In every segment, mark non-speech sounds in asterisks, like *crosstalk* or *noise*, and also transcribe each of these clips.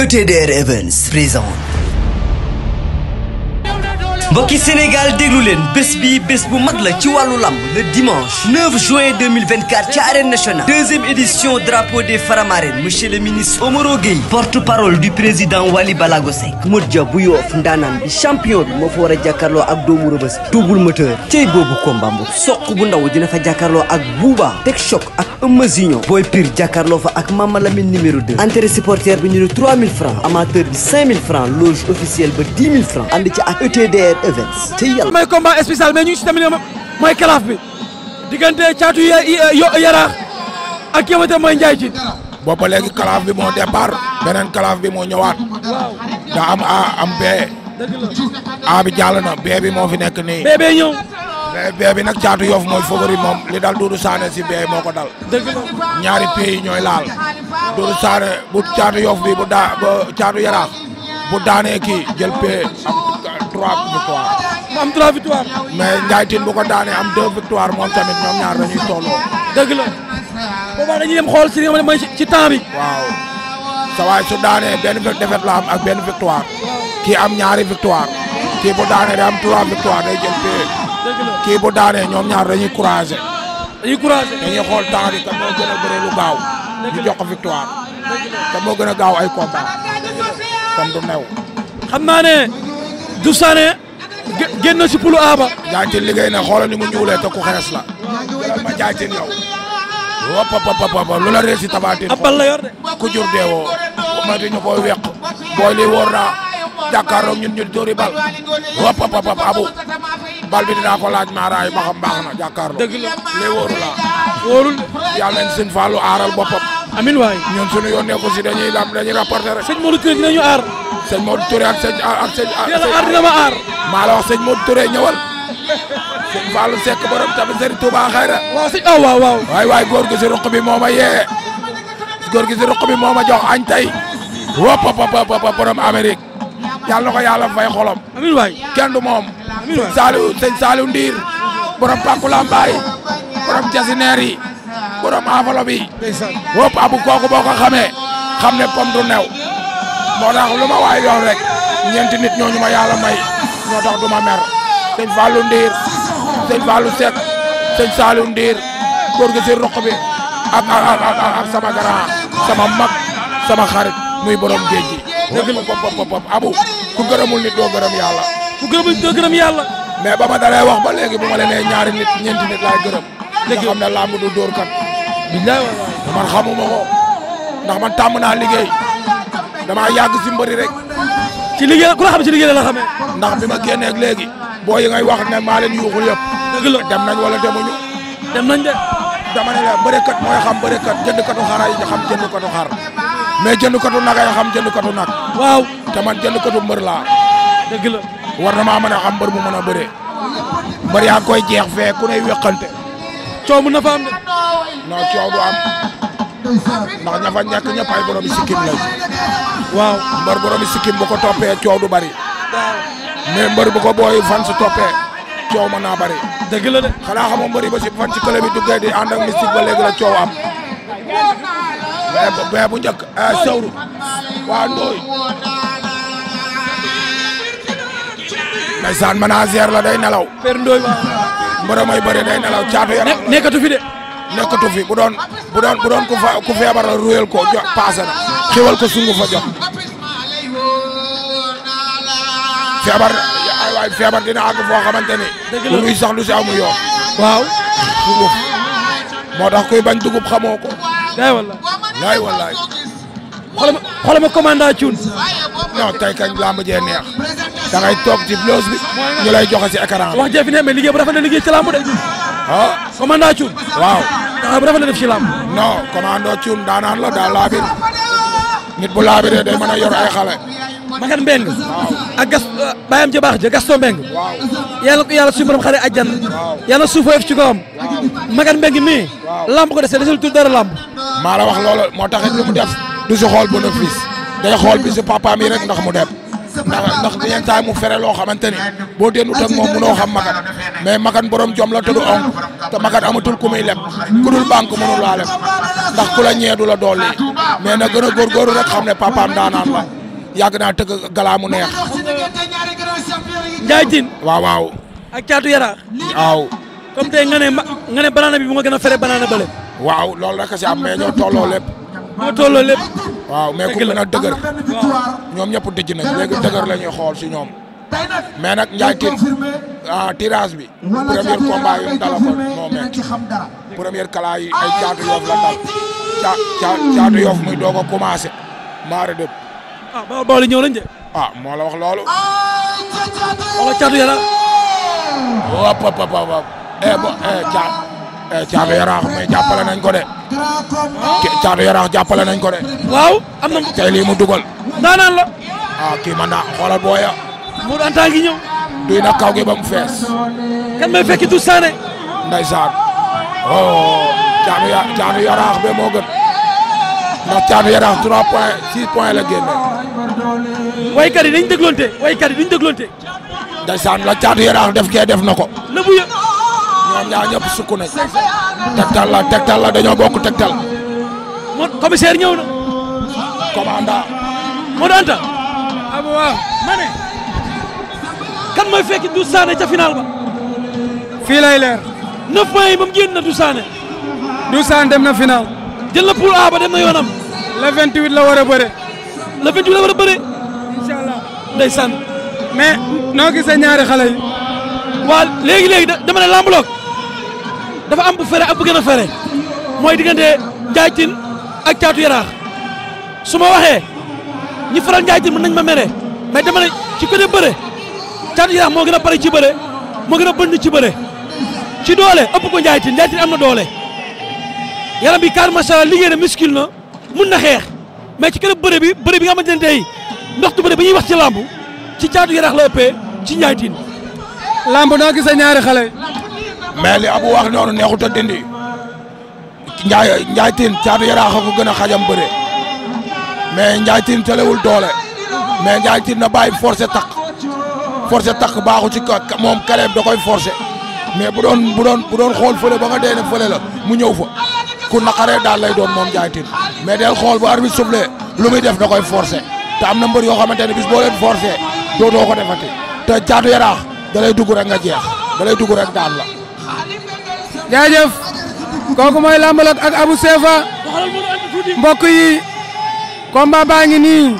ETDR Evans présente mbokki Sénégal déglu leen bés bi bés bu mag la ci wàllu lamb le dimanche 9 juin 2024 ci arène nationale deuxième édition drapeau des Faramarène monsieur le ministre Omaro Gueye porte-parole du président Wali Balago Seck bu Yoof ndaanaan bi champion bi moo fa war a jàkkaarloo ak doomu Rëbës double moteur cey boobu combat mbokk soq bu ndaw dina fa jàkkaarloo ak Bouba Teg Choc ak Eumeu Junior Boy Pire jàkkaarloo fa ak Mama Lamine numéro 2 entrée supporter bi ñu ne 3000 Events ca yàlla. mooy combat ñu ngi si tamit mooy kalaaf bi diggante caatu yaraax ak kii xamante mooy njaay ji. boobu ba kalaaf bi moo départ beneen kalaaf bi moo ñëwaat. waaw da am A am B. A bi jàll B moo fi nekk nii. B bee ñëw. bee bi nag caatu yoof mooy favori moom li dal Doudou Sané si bee moo ko dal. ñaari pays yi ñooy laal. Doudou Sané bu caatu yoof bi bu daa ba jël pee trois oh, victoire. mu oh, oh, am trois victoire. mais Ndiaye Tine bu ko daanee am deux victoire moom tamit ñoom ñaar dañuy tolloo. dëgg la boobaa dañuy dem xool si li nga xam ne mooy ci temps bi. waaau sa waay su daanee benn défaite la am ak benn victoire kii am ñaari victoire kii bu daanee day am trois victoire day jël pay kii bu daanee ñoom ñaar dañuy couragé dañuy couragé dañuy xool temps bi te moo gën a bëre lu gaaw ñu jox ko victoire te moo gën a gaaw ay combat comme du new xam naa ne du Sané génn na si pulu aaba. jaajëf liggéey na xoolal ni mu ñuulee te ku xees la. ma jaajëf yow. wop pop pop lu la ree si tabaatin. ab bal la yor de. ku jur deewoo. ma di ñu koy weq. booy li wóor naa. jàkkaarloog ñun ñu dóori bal. wop pop abu. bal bi dinaa ko laaj maaraay ma xam baax na jàkkaarloo. dëgg la lii wóoru la. wóorul de. yàlla nañ sëñ Fallou aaral boppam. amiin waay ñun suñu yoon nekkul si dañuy lam dañuy rapporter rek. sëñ Modou Touré dinañu aar. sëñ Modou Touré ak sëñ ak sëñ. yàlla aar dina ma aar. maa la wax ñëwal. sëñ Fallou Seck borom tamit sëñ Touba ah, waay waay góor gi si ruq bi moo ma yee. góor gi si ruq bi moo jox añ tey. wóop pop pop borom Amérique. yàlla ko yàlla fay xolom. amiin moom. amiin waay sëñ Ndiir. borom Pakula borom Jasineer borom Afalo bi. abu kooku boo ko xam ne pom moo tax lu ma waay yoon rek ñeenti ñooñu ma yàlla may ñoo tax du ma mer sëñ Fallou Ndiir sëñ Fallou Seck sëñ Saliou Ndiir góor gi sama grand sama mag sama xarit muy borom géej gi. dëgg la pop pop abu ku gërëmul nit doo gërëm yàlla. ku gërëmul nit doo gërëm yàlla. mais ba ma wax ba léegi bu ma leen nee ñaari nit ñeenti laay gërëm. dëgg la nga dóor kat. bilaay man xamuma ko ndax man tàmm naa liggéey. damaa yàgg si mbëri rek. ci liggéey ku la xam ci liggéey la xamee. ndax bi ma génneeg léegi boo yi ngay wax ne maa leen yuuxul yëpp. dëgg la dem nañ wala demuñu. dem nañ de. dama ne la bërekat mooy xam bërekat jëndkatu xar ay xam jëndkatu xar mais jëndkatu nag ay xam jëndkatu nag. waaw te man jëndkatu mbër laa. dëgg la war na maa mën a xam mbër mu mën a bëree. mbër yaa koy jeex fee ku ne wéqante. coow mun na fa am de. non coow du am. ndax ña fa ñàkk ñëpp ay borom sikkim lañ. waaw mbër borom sikkim bu ko toppee coow du bari. mais mbër bu ko booy fan si toppee coow mën naa bari. dëgg xanaa xamoo mbër ba si fan si kële bi duggee di ànd ak mystique la coow am. mais bu njëkk eh, sawru waa ndooy ndeysaan manager la day nelaw per ndooy mbërë may bëri day nelaw caatu yaram nekkatu fi de nekkatu fi bu doon bu doon bu doon ku fa ku feebar la ruyal ko jox paase na ko sungu fa jox feebar dina àgg foo xamante ne. dëgg luy sax lu si amu yoon. waaw. moo dax kuy bañ dugub xamoo ko. day wallaay. laay wallaay. xoolal ma xoolal ma commandant Thioune. non tey kañ làmb jee neex. da ngay toog ci blouse bi. ñu lay joxe si écran. wax jee fi ne mais liggéey bu rafet na liggéey ci làmb de. ah commandant waaw. bu rafet la def ci lamb non commando Thioune daanaan la daa laabir nit bu laabiree day mën a yor ay xale. Maguette Mbengue. waaw ak gas bàyyam baax ja Gaston Mbengue. waaw yàlla yàlla suñu borom xare àjjan. waaw ci kawam. waaw Maguette Mbengue mii. waaw ko dese desul tur dara lamb. maa la wax loolu moo taxit lu mu def du si xool bénéfice day xool bi si papaam yi rek ndax mu dem. ndax ndax yenn saa mu fere loo xamante ni boo dénnu teg moom mënoo xam makan mais makan borom jom la tudd onk te makan amatul ku muy leb ku dul banque mënul laa leb ndax ku la ñeedu la dolli mais na gën a góorgóorlu rek xam ne papaam daanaan la yàgg naa tëgg galaa mu neex. Ndiaye Tine waaw waaw. a caatu yara waaw. comme tey nga ne nga ne banaana bi mu nga gën a fere banaana bële. waaw loolu rek a si am mais ñoo tolloo lépp. moo tolloo lépp. waaw mais ku mën a dëgër. ñoom ñëpp dëj nañ léegi dëgër la xool si ñoom. mais nag Ndiaye Tine ah tirage bi. premier combat yi dala ko moo métti. première kala yi caatu yoof la dal ca ca caatu yoof muy doog a commencé. maare dëpp. ah Baol Baol yi ñëw nañ de. ah moo la wax loolu. wala caatu yara. wop wop wop wop. eh bo eh caa eh caatu yaraax mais jàppale nañ ko de. kii caatu yaraax jàppale nañ ko de. waaw am nañ tey lii mu dugal. naanaan la. ah kii man naa xoolal booya. Modou Anta ngi ñëw. duy na kaw gi ba mu fees. kan may fekki du saane. ndeysaan. oh caatu ya caatu yaraax be moo gën. ndax caatu yaraax 3 point 6 point la génne. waykat yi dañ dégloonte waykat yi duñ dégloonte. ndeysaan la caatu yaraax def kee def na ko. lëbu ñoom ñaar ñëpp sukk nañ. tegtal dañoo bokk tegtal. moo commissaire ñëw na. commandant. moo daan ta. ah waaw kan mooy fekki Doudou Sané ca final ba. fii lay leer. neuf points yi moom génn na Doudou Sané. Doudou dem na final. jël na poule ba dem na yoonam. le 28 la war a bëre. la war a bëre. incha allah mais noo gisee ñaari xale yi. waa léegi léegi dama ne lambloog. dafa am bu fere ak bu gën a fere mooy diggante Ndiaye Tine ak Thiatou Yarakh su ma waxee ñi faral Ndiaye Tine mën nañ ma mere mais dama ne ci côté bëre Thiatou Yarakh moo gën a pare ci bëre moo gën a ci bëre ci doole ëpp ko Ndiaye Tine am na doole yaram bi car macha Allah liggéey na muscule na mun na xeex mais ci côté bëre bi bëre bi nga xamante ne tey ndox tu bëre bi ñuy wax ci lamb ci caatu Yarakh la ëppee ci Ndiaye Tine lamb noo gisee ñaari xale mais li abu wax noonu neexut a dindi Ndiaye Ndiaye caatu yaraax a ko gën a xajam bëre mais Ndiaye Tine telewul doole mais Ndiaye Tine na bàyyi forcé takk forcé takk baaxu ci moom kaleem da koy forcé mais bu doon bu doon bu doon xool fële ba nga dee ne la mu ñëw fa ku naqaree daal lay doon moom Ndiaye Tine mais del xool bu arbitre soufflé lu muy def da koy forcé am na mbër yoo xamante ne bis boo leen forcé dootoo ko defati te caatu yaraax da lay dugg rek nga jeex da lay dugg rek daal jaajëf kooku mooy Lambalok ak Abou Sefa mbokk yi combat baa ngi nii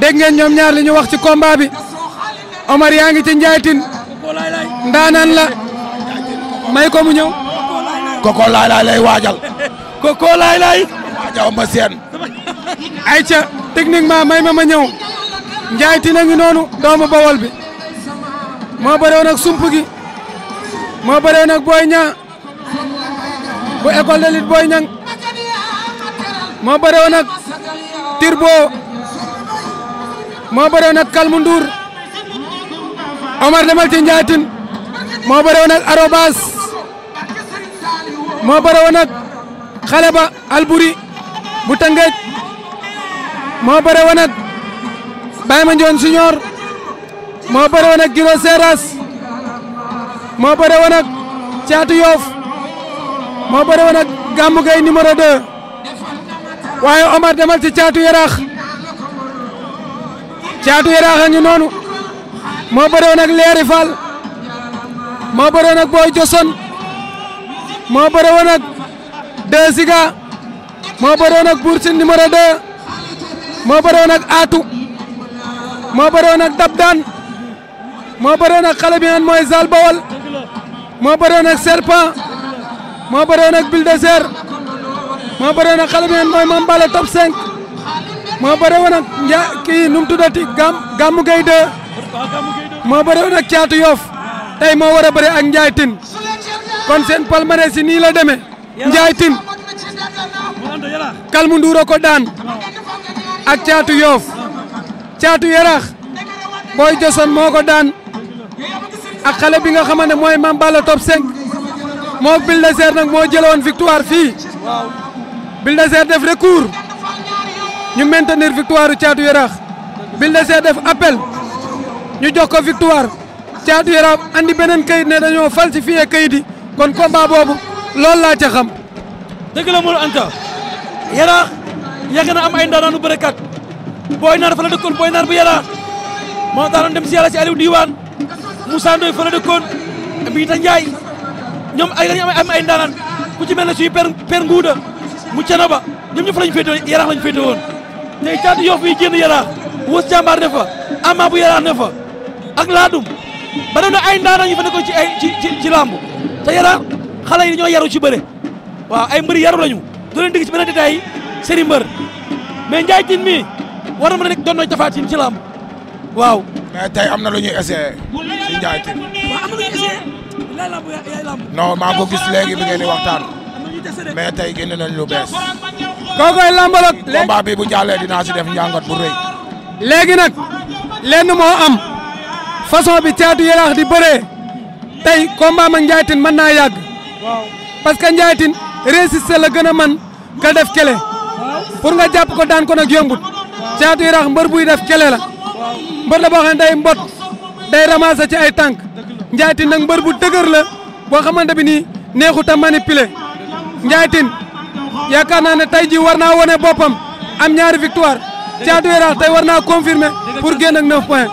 dégg ngeen ñoom ñaar li ñu wax ci combat bi Omar yaa ngi ci njaaytin ndaanan la may ko mu ñëw. koko laay laay lay waajal. koko laay laay. waajaw ma seen. ayca techniquement may ma ma ñëw njaaytin a ngi noonu doomu bawol bi moo bëre woon ak sump gi. moo bëree nag Boy Niang bu école de lutte Boy Niang moo bëree woon ak moo bëree woon ak Omar demal ci Ndiatine moo bëree woon Arobas moo bëree woon ak xale bu Tëngéej moo bëree woon ak Baye Mandione moo bëree woon ak ma bëre woon Caatu Yoof moo bëre woon ak Gamou waaye Omar demal ci Caatu Yaraax Caatu Yaraax a ngi noonu moo bëre woon ak Leeri Fall moo bëre woon ak Boy Joson moo bëre woon ak Deux Ziga moo bëre Aatu moo bëre woon ak moo bëre na xale bi ngeen mooy Zal Bawol moo bëre nag Serpent moo bëre nag Bulldozer moo bëre nag xale mooy Mame Balla moo bëre woon ak kii nu mu gam Gamou Gueye 2 moo bëre woon Caatu Yoff tey moo war a ak Ndiaye Tine kon seen palmarès yi nii la demee Kalmu Nduuro ko daan ak Caatu Yoff Caatu Yarax Boy Joson moo ko daan ak xale bi nga xamante ne mooy Mame Balla top 5 moom Bulldozer nag moo jëloon victoire fii Bulldozer def recours ñu maintenir victoire Thiatou Yarakh Bulldozer def appel ñu jox ko victoire Thiatou Yarakh andi beneen kayit ne dañoo falsifié kayit yi kon combat boobu loolu laa ca xam. dëgg Anta Yarakh yàgg na am ay ndaanaanu bërekat booy naar fa la dëkkoon booy naar bu Yarakh moo taanoon dem si yàlla si Aliou Diwane. Moussa Ndoye fa la dëkkoon Binta Ndiaye ñoom ay dañu am ay ndaanaan ku ci mel na suñu père père Nguuda mu Canaba ñoom ñu fa lañu féete yaraax lañu féete woon tey caatu Yoff yi génn yaraax wës jàmbaar ne fa ama bu yaraax ne fa ak laadum ba doon na ay ndaanaan ñu fa ci ay ci ci làmb te yaraax yi ñoo yaru ci bëre waaw ay mbëri yaru lañu doo leen dégg ci beneen détail yi seen i mbër war na mën a nekk doon na Tapha Tine ci làmb waaw mais tey am na lu ñuy essayé si Ndiaye Tine. maa ko gis léegi bi ngeen de waxtaan. mais tey génn nañ lu bees. kookoy lambalok. léegi combat bi bu jàllee dinaa si def njàngat bu rëy. léegi nag moo am façon bi caatu yaraax di bëree tey combat ma Ndiaye man mën naa yàgg. waaw parce que Ndiaye Tine la gën a man ka def kele. pour nga jàpp ko daan ko nag yombut. caatu yaraax mbër buy def kele la. mbër la boo xam ne day mbot day ramasser ci ay tànk Ndiaye Tine nag mbër bu dëgër la boo xamante bi nii neexut a manipuler Ndiaye Tine yaakaar naa ne tey jii war naa wone boppam am ñaari victoire Thiatou Yarakh tey war naa confirmer pour génn ak 9 points.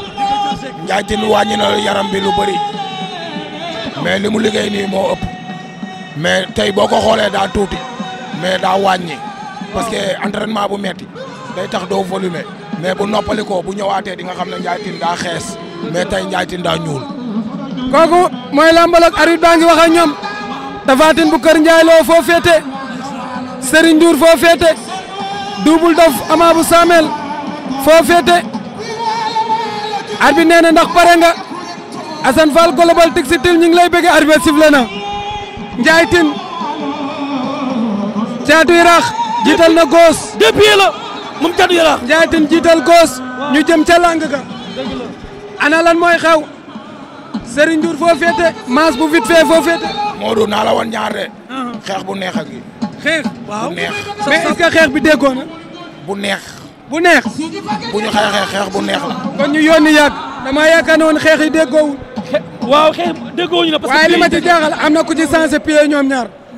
Ndiaye Tine wàññi na yaram bi lu bëri mais li mu liggéey nii moo ëpp mais tey boo ko xoolee daa tuuti mais daa wàññi parce que entraînement bu metti day tax doo volumer. mais bu noppalikoo bu ñëwaatee di nga xam ne Ndiaye Tine daa xees mais tey Ndiaye Tine daa ñuul. kooku mooy lambal ak baa ngi wax ak ñoom Tapha Tine bu Kër foo féete Serigne Ndiour foo féete Double Dof Ama bu foo féete arbitre nee na ndax pare nga Assane Fall Global Textile ñu ngi lay bëgg arbitre na Ndiaye Tine caatu Yaraax jiital na góos depuis moom catu yaraax Ndiaye jiital goos ñu jëm ca lang ga ana lan mooy xew Serigne Ndour foo féete maas bu vite fait foo féete Modou naa la wan ñaar de ah. xeex bu neex ak xeex waaw bu neex mais est xeex bi déggoo bu neex bu neex bu ñu xeexee xeex bu neex la kon ñu yoon yónni yàgg dama yaakaar ne woon xeex i déggoowul waaw xeex déggoowuñu na parce que waaye li ci jaaxal am na ku ci sensé ñoom ñaar Thiatou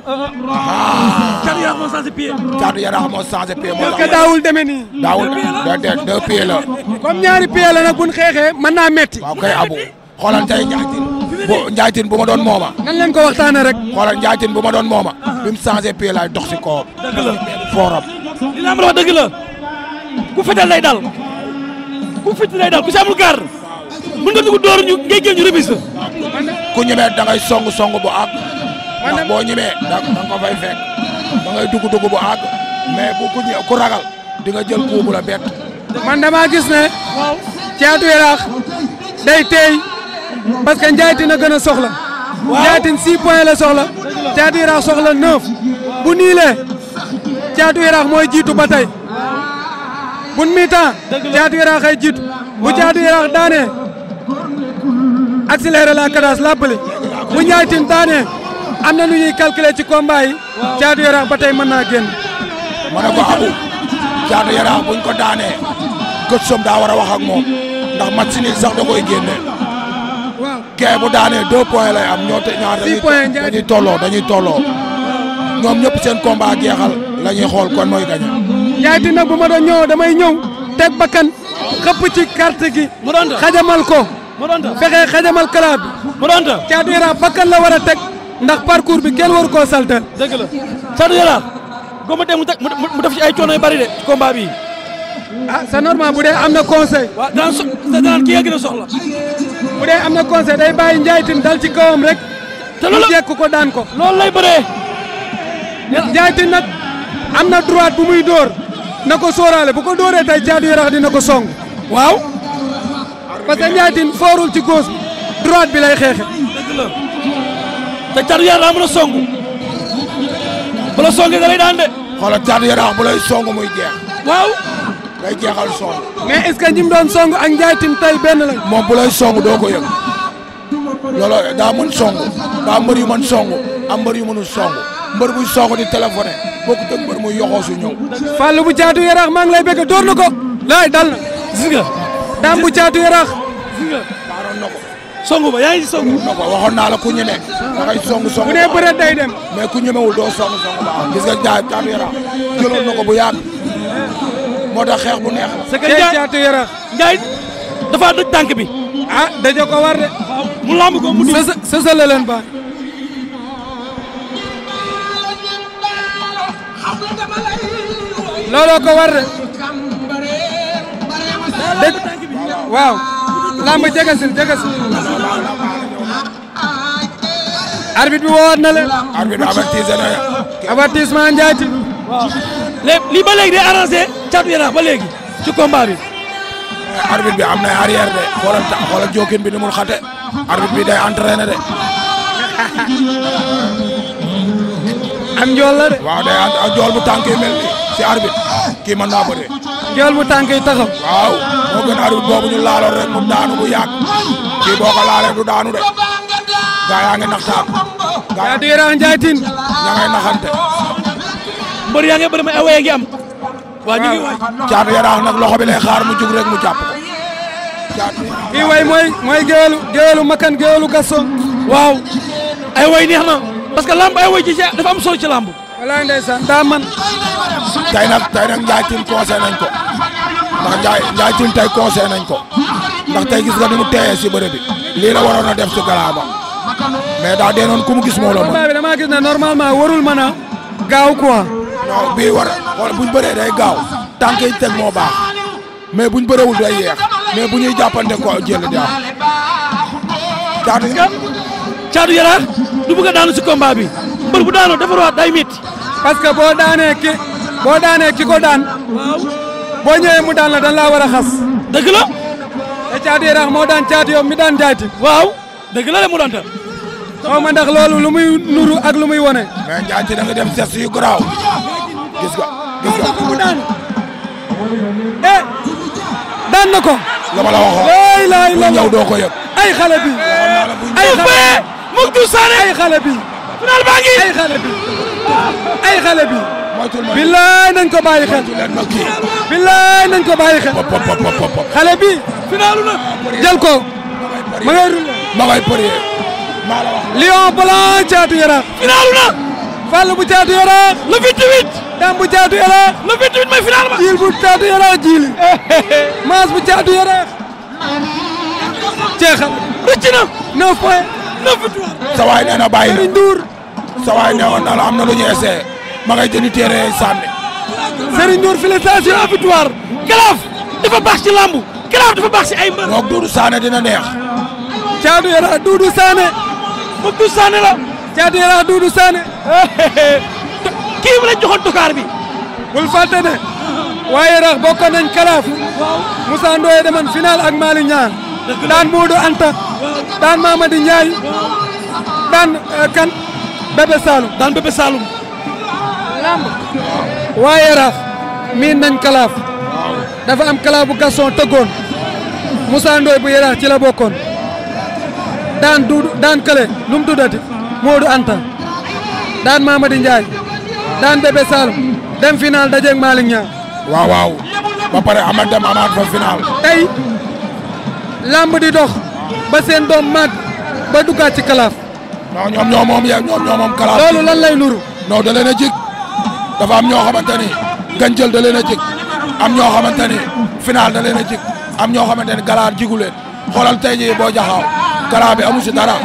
Yarakh moo changé pied. Thiatou Yarakh moo changé pied moo tax daawul demee nii. daawul déedéet deux pieds la. comme ñaari pieds la nag xeexee mën naa metti. waaw kay abu xoolal tey njaaytin bu njaaytin bu ma doon mooma. nan leen ko waxtaanee rek. xoolal njaaytin bu ma doon mooma. bi mu changé pied laay dox dëgg la fooram. li la am wax dëgg la ku fetal ñu remise. ku ñemee da ngay song song bu àgg. ndax boo ñemee da nga ko fay fekk da ngay dugg dugg bu àgg mais bu ku ku ragal di jël kuu la bett. man dama ne. Caatu Yaraax day tey parce que Ndiaye Tine a gën soxla. waaw Ndiaye Tine 6 points soxla. Caatu Yaraax soxla 9. bu niilee Caatu Yaraax mooy jiitu ba tey bu nu muy temps Caatu Yaraax ay bu Caatu Yaraax daanee accéléré la cadence lappali bu Ndiaye Tine daanee. am na nu ñuy calculer ci combat yi. caatu yaraax ba tey mën naa génn. ma ne ko abu caatu yaraax buñ ko daanee gët som daa war a wax ak moom ndax match nii sax da koy génne. waaw kee bu daanee deux points lay am ñoo te ñaar dañuy tolloo dañuy tolloo ñoom ñëpp seen combat jeexal la ñuy xool kon mooy gañ. jaay ti nag bu ma doon ñëw damay ñëw teg bakkan xëpp ci carte gi. xajamal ko. mu doon fexe xajamal kalaab bi. mu doon caatu yaraax bakkan la war a teg. ndax parcours bi kenn waru koo saltal. dëgg la Fatou Yalla góob mu mu def ci ay coono yu bari de ci combat bi a ah, c'est normal bu dee am na conseil. waaw daan so daan kii yaa gën a soxla. bu dee am na conseil day bàyyi Ndiaye Tine dal ci kawam rek. te loolu ko daan ko. loolu lay bëree. Ndiaye Tine am na droit bu muy dóor na ko sóoraale bu ko dooree tey jaadu yarax dina ko song. waaw parce que Ndiaye Tine foorul ci gauche droite bi lay xeexe. te caatu yaraax mu la song bu la songee da lay daan de. xoolal caatu yaraax bu lay song muy jeex. waaw. day jeexal song. mais est-ce que ñi mu doon song ak Ndiaye Tine benn lañ. moom bu lay song doo ko yëg looloo daa mën song daa mbër yu mën song am mbër yu mënul song mbër buy song di téléphoné bokkut ak mbër muy yoxoo su ñëw. Fallou bu caatu yaraax maa ngi lay bëgg door na ko. laay dal na. bu caatu yaraax. gis songu ba yaa ngi songu. non non naa la ku ñeme. da ngay songu songu bu dee bëreet day dem. mais ku ñemewul doo songu ba am gis nga jaay caatu yarax jëloon na ko bu yàgg moo tax xeex bu neex la. c'est caatu yarax. dafa dëj tànk bi. ah ko mu lamb ko mu dugg sësë looloo ko war de. dëj lamb jege si arbitre bi woowaat na leen. arbitre avertise na avertissement Ndiaye Tine. waaw léegi lii ba léegi day arrangé Caatu Yaraax ba léegi ci combat bi. am na arrière de xoolal ta xoolal bi ni mun xate arbitre bi day entraîné de. am njool de. waaw day am njool bu tànk mel ni si arbitre kii mën naa bëree. njool bu tànk yi taxaw. waaw moo gën arbitre boobu ñu mu daanu bu yàgg kii boo ko daanu de gaa yaa ngi Caatu Yaraax Njaay Tiin ña ngay naxante mbër yaa ngi bëri ma ngi am waa ñu ngi waay Caatu Yaraax nag loxo bi lay xaar mu jug rek mu jàpp ko kii way mooy mooy géelu géelu makan géelu gasson waaw ay way neex na parce que lamb ay way ci dafa am solo ci lamb walaay ndeysaan daa man nag tey nag Njaay Tiin conseil ko ndax Njaay Njaay Tiin tey nañ ko ndax tey gis nga ni mu teeyee si bëre bi waroon a def si mais daa dee noonu ku ma gis moo la mën. combat bi damaa gis ne normalement warul mën a gaaw quoi. non bii war xool buñ bëree day gaaw tànk yi teg moo baax mais buñ bëreewul day yeex mais bu ñuy jàppante ko a di am. caatu yaraax caatu bëgg a daanu si combat bi mbër bu daanoo defarwaat day métti. parce que boo daanee ki boo daanee ki ko daan. boo ñëwee mu daan la dan laa war a xas. dëgg la. te caatu yaraax moo daan caatu yow mi daan jaay waaw dëgg la mu daan xaw ma ndax loolu lu muy nuru ak lu muy wone mais Ndiaye ci da nga def geste yu garaaw gis nga gis nga ko mu daan eh daan na la ma la waxoon lay lay la ñëw doo ko yëg ay xale bi ay xale Muktu Sané ay xale bi final baa ngi ay xale bi ay xale bi billaay nañ ko bàyyi xel billaay nañ ko bàyyi xel xale bi finalu na jël ko ma ngay rulle ma ngay përee Lion Blanc Thiatou Yarakh. finaalu na. Fall bu Thiatou Yarakh. le 28. Dame bu Thiatou Yarakh. le 28 mooy final ba. Djil bu Thiatou Yarakh Djil. *laughs* Maas bu Thiatou Yarakh. jeexal. rëcc na. 9 point. 9 victoire. sa waay na bàyyi na Ndour. sa waay na la am na lu ñu essayé. ma ngay jënd téere sànni. Serigne Ndour félicitation à victoire. Kalaaf dafa baax ci lambu. Kalaaf dafa baax ci ay mbër. moog Doudou Sané dina neex. Thiatou Yarakh Doudou Sané. Mamadou Sané la. Caatu Yaraax Doudou Sané. *laughs* kii mu lañ joxoon tukaar bi. bul fàtte ne. waaye Yaraax bokkoon nañ kalaaf. Moussa Ndoye demoon final ak Malick Niang. daan Moodu Anta. daan Mamadi Ndiaye. daan euh, kan. Bébé Saloum daan Bébé Saloum. lamb. waaye Yaraax miin nañ kalaaf. dafa am kalaaf bu Gaston tëggoon. Moussa Ndoye bu Yaraax ci la bokkoon. daan du daan kële lu mu tuddati Modou Anta daan Mamadi Ndiaye daan Bébé Saloum dem final dajeeg Malick Niang. waaw waaw ba pare ama fa final. tey lamb di dox ba seen doom màgg ba duggaat ci kalaaf. non ñoom ñoo moom yeeg ñoom ñoo moom loolu lan lay nuru. non da leen dafa am ñoo xamante ni gàncax da leen a jig am ñoo xamante ni final da leen a jig am ñoo xamante ni galaar jigu leen xoolal tey jii boo jaxaaw. kara bi amu si dara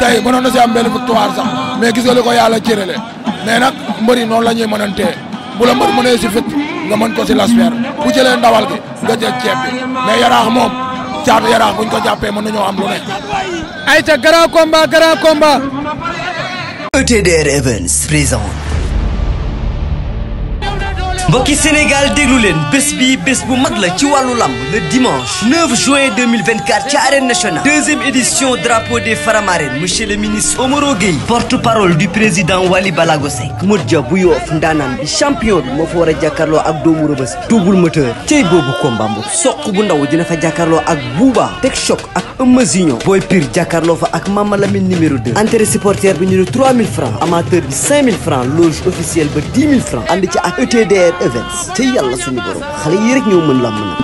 tey mënoon na si am benn victoire sax mais gis nga li ko yàlla cërale mais nag mbër yi noonu la ñuy mënantee bu la mbër mënee si fit nga man ko si lasfeer bu ndawal gi nga jël ceeb bi mais yaraax moom caatu yaraax buñ ko jàppee mën nañoo am lu ay ayca grand komba grand komba ETDR Events présente. mbokki Sénégal déglu leen bés bi bés bu mag la ci wàllu lamb le dimanche 9 juin 2024 ci arène nationale deuxième édition drapeau des Faramarène monsieur le ministre Omaro Gueye porte-parole du président Wali Balago Seck Modou Dia bu Yoof ndaanaan bi champion bi moo fa war a ak doomu Rebeuss double moteur cey boobu combat bu soq bu ndaw dina fa jàkkaarloo ak Bouba Tek Choc ak Eumeu Junior Boy Pire jàkkaarloo fa ak Mama Lamine numéro entrée supporter bi ñu ne 3000 francs amateur bi 5000 francs loge events te yàlla suñu borom xale yi rek ñoo mën làmb nag